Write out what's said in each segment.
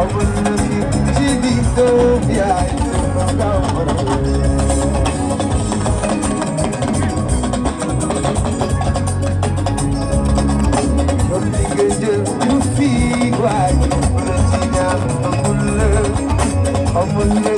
I'm gonna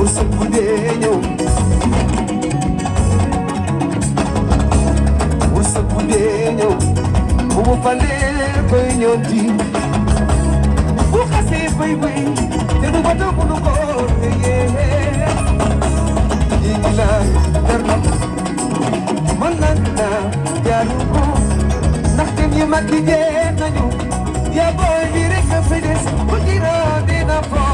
bu su guddee ñëw dee ñëw bu mu falee bay ñoonti bu xasee bay bay te du bata bu du koor te yee yi ngi laa darna man nag naa jaaru ko ndax ten yi mag yi jeex nañu yaa booy bi rek a fi des bu giraa dina foor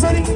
sëriñ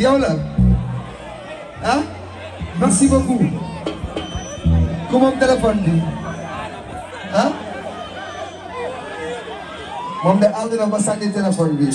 yow la ah merci beaucoup ku moom téléphone bi ah moom de ànd na ba sànni téléphone bi